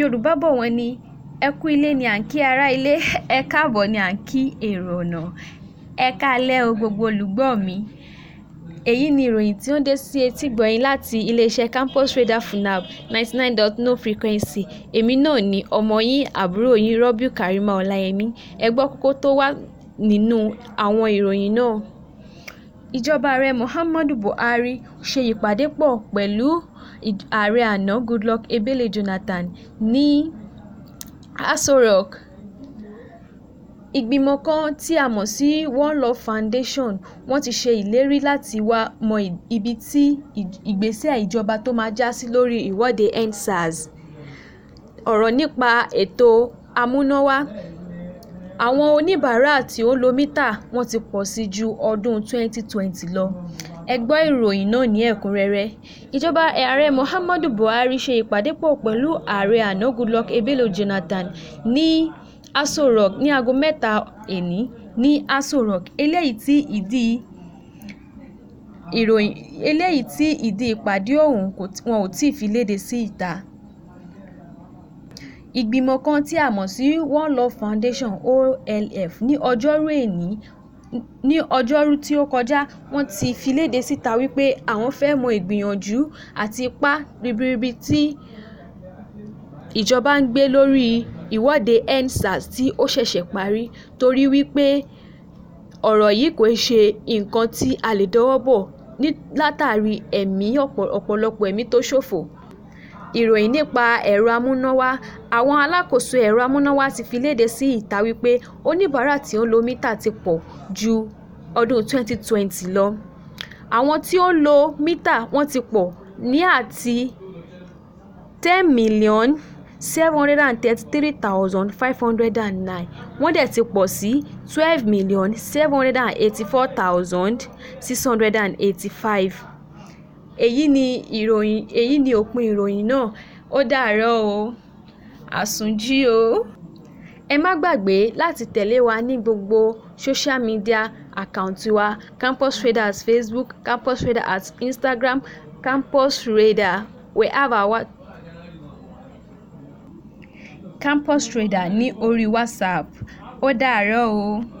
Yorùbá bọ̀ wọ́n ní "ẹ kú ilé ni à ń kí ará ilé, ẹ káàbọ̀ ni à ń kí èrò ọ̀nà, ẹ káalẹ́ o gbogbo olùgbọ́ mi". Èyí ni ìròyìn tí ó ń dé sí etígbọ̀ọ́ yín láti iléeṣẹ́ Campus Radar FUNAAB 99.0 frequency, èmi náà ni ọmọ yín àbúrò yín Rabiu Karima Ọláyẹmí. Ẹ gbọ́ kókó tó wà nínú àwọn ìròyìn náà. Ìjọba Ààrẹ Muhammadu Buhari ṣe ìpàdé pọ̀ pẹ̀lú Ààrẹ àná Goodluck Ebele Jonathan ní Asorok. Rock. Ìgbìmọ̀ kan tí a mọ̀ sí One Love Foundation wọ́n ti ṣe ìlérí láti wá mọ ibi tí ìgbésẹ̀ ìjọba tó máa jásí lórí Ìwọ́de EndSARS ọ̀rọ̀ nípa ètò amúnáwá. Àwọn oníbàárà tí ó lo mítà wọn ti pọ̀ síi ju ọdún 2020 lọ. Ẹ gbọ́ ìròyìn náà ní ẹ̀kúnrẹ́rẹ́. Ìjọba Ààrẹ Muhammadu Buhari ṣe ìpàdé pọ̀ pẹ̀lú Ààrẹ àná Goodluck Ebele Jonathan ní Aso Rock ní aago mẹ́ta òní ní Aso Rock, eléyìí tí ìdí ìpàdé ọ̀hún wọn ò tíì fi léde sí ìta. Ìgbìmọ̀ kan tí a mọ̀ sí One Love Foundation (OLF) ní Ọjọ́rú tí ó kọjá, wọ́n ti filéde síta wípé àwọn fẹ́ mọ ìgbìyànjú àti ipá ribiribi tí ìjọba ń gbé lórí Ìwọ́de EndSARS tí ó ṣẹ̀ṣẹ̀ parí, torí wípé ọ̀rọ̀ yìí kìí ṣe nǹkan tí a lè dọwọ́ bọ̀ látàrí ọ̀pọ̀lọpọ̀ ẹ̀mí tó ṣòfò. Ìròyìn nípa ẹ̀rọ amúnáwá Àwọn alákòóso ẹ̀rọ amúnáwá ti fi léde sí ìta wípé oníbàárà tí ó ń lo mítà ti pọ̀ ju ọdún 2020 lọ. Àwọn tí ó ń lo mítà wọ́n ti pọ̀ ní àti 10,733,509 wọ́n dẹ̀ ti pọ̀ sí five. Èyí ni ìròyìn èyí ni òpin ìròyìn náà, ó dàárọ̀ o, àsùnjí o. Ẹ má gbàgbé láti tẹ̀lé wa ní gbogbo social media àkáùntì wa Campus Radars Facebook, Campus Radars Instagram, Campus trader we have our Campus trader ní orí WhatsApp. Ó dàárọ̀ o.